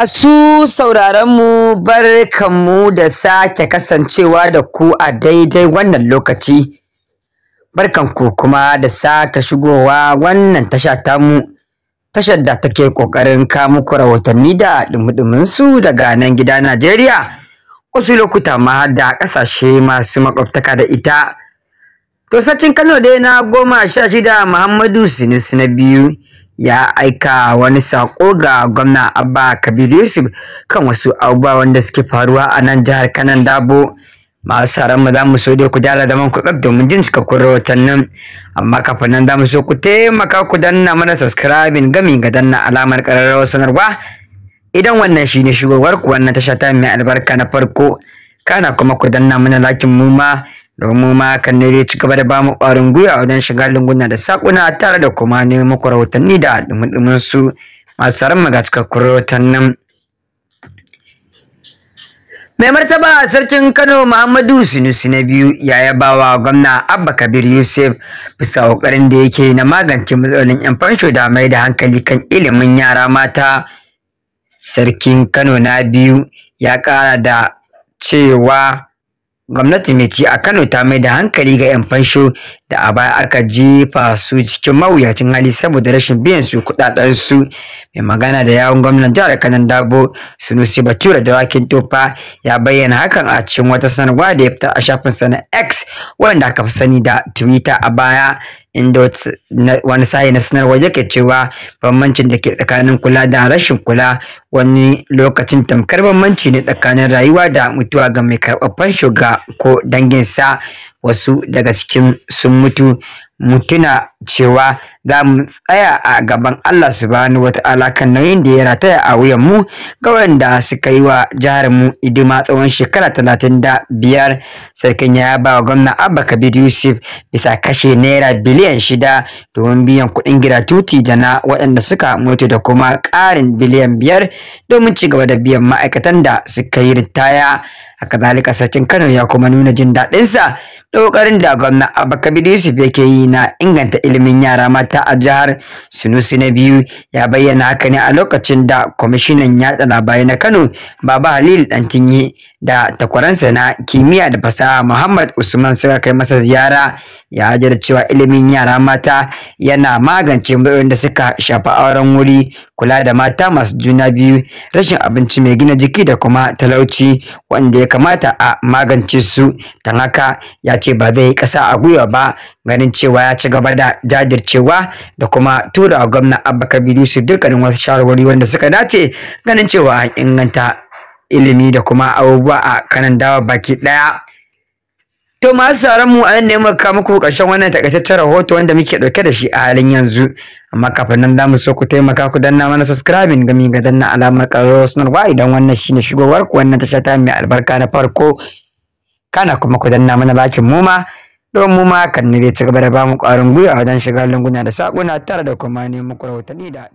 Masu sauraronmu barkanmu da sake kasancewa da ku a daidai wannan lokaci. Barkanku kuma da sake shigowa wannan tasha tamu, tashar da take ƙoƙarin muku rahotanni da ɗumi daga nan gida Najeriya, wasu lokuta ma da ƙasashe masu makwabtaka da ita. To sacin Kano dai na goma sha shida Muhammadu Sinusi na biyu. ya aika wani sako ga gwamna abba kabir yusuf kan wasu abubuwa wanda suke faruwa a nan jihar kanan dabo masu haram za mu so dai ku dala zaman ku kaf domin jin cikakkun rahotannin amma kafin nan za mu so ku taimaka ku danna mana subscribing gami ga danna alamar ƙararrawar sanarwa idan wannan shi ne shugabar ku wannan tasha ta mai albarka na farko kana kuma ku danna mana lakin mu ma domin mu ma hakan ne zai ci gaba da bamu ƙwarin gwiwa wajen shiga lunguna da sakuna tare da kuma ne muku rahotanni da dumudumin su masu tsaron ga cikakkun rahotannin mai martaba sarkin kano muhammadu sinusi na biyu ya yaba wa gwamna abba kabir yusuf bisa ƙoƙarin da yake na magance matsalolin yan fansho da mai da hankali kan ilimin yara mata sarkin kano na biyu ya ƙara da cewa Gwamnati mai ci a Kano ta mai da hankali ga 'yan fansho da a baya aka jefa su cikin mawuyacin hali saboda rashin biyan su kudaden su mai magana da yawun gwamnan jihar kanan dabo sunusi bature da wakin tofa ya bayyana hakan a cikin wata sanarwa da ya fita a shafin sa x wanda aka fi sani da twitter a baya inda wani sayi na sanarwa yake cewa bambancin da ke tsakanin kula da rashin kula wani lokacin tamkar bambanci ne tsakanin rayuwa da mutuwa ga mai karɓar fansho ga ko danginsa wasu daga cikin sun mutu mutuna cewa za mu tsaya a gaban Allah subhanahu wata'ala kan nauyin da ya rataya a wuyan mu ga wanda suka yi wa jihar mu hidima tsawon shekara talatin da biyar sarkin ya ba wa gwamna abba kabir yusuf bisa kashe naira biliyan shida domin biyan kuɗin tuti da na waɗanda suka mutu da kuma ƙarin biliyan biyar domin ci gaba da biyan ma'aikatan da suka yi ritaya a kazalika sarkin kano ya kuma nuna jin daɗinsa Dokarin da gwamna Abakabir Yusuf yake yi na inganta ilimin yara mata a jihar Sinusi na biyu ya bayyana haka ne a lokacin da kwamishinan yatsa labarai na Kano Baba Halil Dantinye da takwaransa na kimiyya da fasaha Muhammad Usman suka kai masa ziyara ya hajar cewa ilimin yara mata yana magance matsalolin da suka shafi auren wuri kula da mata masu juna biyu rashin abinci mai gina jiki da kuma talauci wanda ya kamata a magance su don haka ya ce ba zai yi ƙasa a gwiwa ba ganin cewa ya ci gaba da jajircewa da kuma tura gwamna abba kabiru su dukkanin wasu shawarwari wanda suka dace ganin cewa an inganta ilimi da kuma abubuwa a kanan dawa baki ɗaya To masu sauran mu an ne muka muku ƙarshen wannan takaitaccen rahoto wanda muke ɗauke da shi a halin yanzu. Amma kafin nan za mu so ku taimaka ku danna mana subscribing gami ga danna alamar ƙararrawar sanarwa idan wannan shine shigowar ku wannan tasha ta mai albarka na farko. kana kuma ku danna mana bakin muma? ma don mu kan ne ci gaba da bamu ƙwarin gwiwa wajen shiga lunguna da saƙuna tare da kuma neman rahotanni da